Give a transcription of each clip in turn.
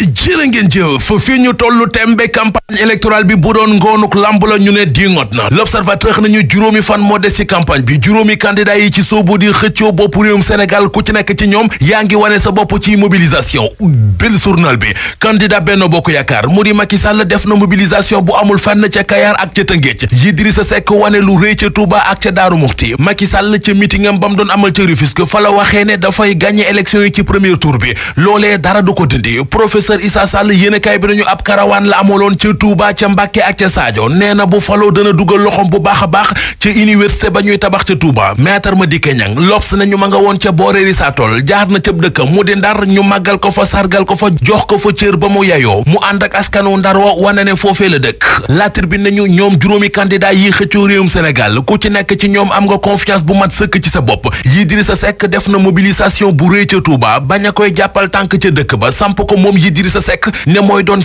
jërë ngeen jëf fii ñu tollu tembe campagne électorale bi bu doon ngoonuk lamb la ñu ne dingot na l'observateur nañu juróomi fan moo des ci campagne bi juróomi candidat yi ci soobu di xëccoo bopp réewum Sénégal ku ci nekk ci ñoom yaa ngi wane sa bopp ci mobilisation bil journal bi candidat Benno Bokk Yaakaar mu di Macky Sall def na mobilisation bu amul fenn ca Kayar ak ca Tëngéej Idrissa Seck wane lu rëy ca Touba ak ca Daaru Muxti Macky Sall ca meetingam ba mu doon amal ca fa waxee ne dafay gagner élection yi ci premier tour bi loolee dara professeur Issa Sall yéenekaay bi nañu ab karawaan la amaloon ca Touba ca Mbàkke ak ca Sadio nee na bu faloo a ma nga woon ca sa Risatol jaar na cëb dëkkam mu di Ndar ñu màggal ko fa sargal ko fa jox ko fa cër ba mu yayoo mu ànd ak askanu Ndar wa wane ne foofee la dëkk La Tribune nañu ñoom juróomi candidat yi xëccoo réewum Sénégal ku ci nekk ci ñoom am nga confiance bu mat sëkk ci sa bopp Idrissa Seck def na mobilisation bu rëy ca Touba bañ a koy jàppal tànk ca dëkk ba samp ko moom Idrissa ne mooy doon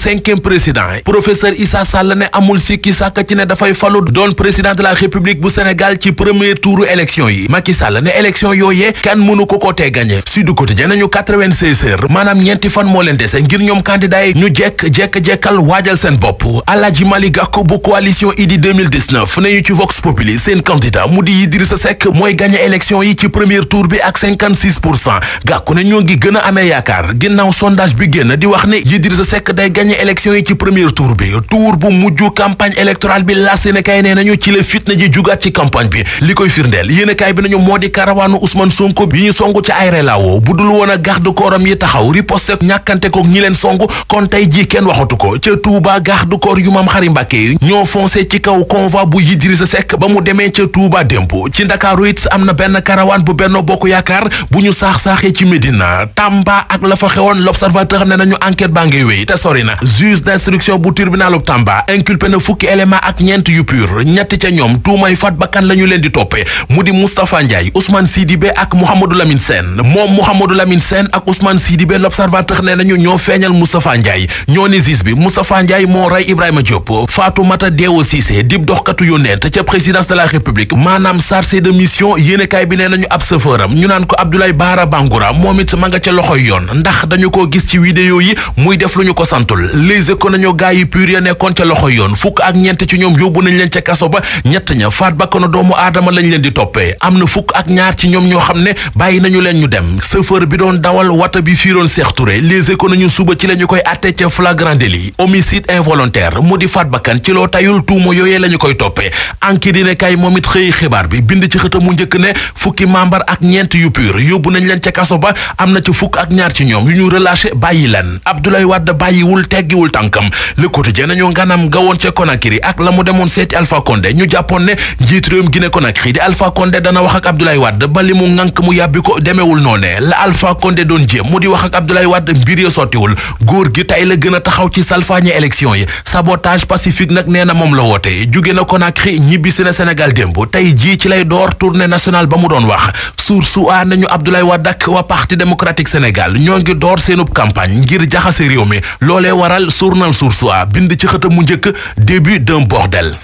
président professeur Issa Sall ne amul sikki sàkk ci ne dafay falu doon président de la république bu Sénégal ci premier touru élection yi Macky Sall ne élection yooyee kenn mënu ko ko tee gagné Sud Quotidien nañu 96 heures ñeenti fan moo leen dese ngir ñoom candidat yi ñu jekk jekk-jekkal waajal seen bopp Alaaji Mali Gakou bu coalition Idy 2019 nañu ci Vox Populi seen candidat mu di Idrissa Seck mooy gagné élection yi ci premier wax ne Idrissa Seck day gagné yi ci premier tour bi tour bu elektoral campagne électorale bi las yéen a kaay nee nañu ci la fitna ji jugaat ci campagne bi li koy firndeel yéen bi nañu moo di karawaanu Ousmane Sonko bi ñu songu ci ay relaawo bu dul garde corpsam yi taxaw riposte ñàkkante ko ñi leen songu kon tey jii kenn waxatu ko ca Touba garde corps yu Mame Khary Mbacké yi foncé ci kaw convoi bu Idrissa Seck ba mu demee ca Touba démb ci Ndakaaru it am na benn bu Benno Bokk yakar bu ñu saax ci Tamba ak la fa xewoon l'observateur ne enquête baa ngay wéy te sori na juge d'instruction bu tribunalub Tamba inculpé na fukki élément ak ñeent yu pur ñetti ca ñoom tuumay faat bakkan la leen di toppee mu di Moustapha Ndiaye Ousmane Sidibé ak Mouhamadou Lamine Sène moom Mouhamadou Lamine Sène ak Ousmane Sidibé l'observateur nee nañu ñoo feeñal Moustapha Ndiaye ñoo ni juge bi Moustapha Ndiaye moo rey Ibrahima Diop Fatoumata Dewo Cissé dib doxkatu yónneent ca présidence de la République maanaam chargé bi nee nañu ab sëfëram ñu naan ko Abdoulaye Bara Bangoura moom it ma nga ca loxoy yoon muy def lu ñu ko santul les éco nañu gaa yi pur ya nekkoon ca loxo yoon fukk ak ñeent ci ñoom yóbbu nañ leen ca kaso ba ñett ña faat bakkanu doomu aadama lañ leen di toppee am na fukk ak ñaar ci ñoom ñoo xam ne bàyyi nañu leen ñu dem chauffeur bi doon dawal wata bi fiiroon Seex Touré les éco nañu suba ci la ñu koy atte ca flagrant délit homicide involontaire mu di faat bakkan ci loo tayul tuuma yooyee la ñu koy toppee anki dine kay moom it xëy xibaar bi bind ci xëta mu njëkk ne fukki membre ak ñeent yu pur yóbbu nañ leen ca kaso ba am na ci fukk ak ñaar ci ñoom yu ñu relâché bàyyi leen Abdoulaye wadd bàyyiwul teggiwul tànkam le quotidien nañu nganam ga woon ca Conakry ak la mu demoon seeti Alpha Condé ñu jàppoon ne njiit réewum Guinée Conakry di Alpha Condé dana wax ak Abdoulaye Wade ba li mu ŋànk mu yàbbi ko demewul noone la Alpha Condé doon jéem mu di wax ak Abdoulaye Wade mbir ya sottiwul góor gi tey la gën a taxaw ci salfaañe élection yi sabotage pacifique nag nee na moom la woote jóge na Conakry si na Sénégal démb tey jii ci lay door tournée nationale ba mu doon wax suur su a nañu Abdoulaye Wade ak waa parti démocratique Sénégal ñoo ngi door seenub campagne ngir jaxase réew mi loolee waral journal Source A bind ci xëtam mu njëkk début d'un bordel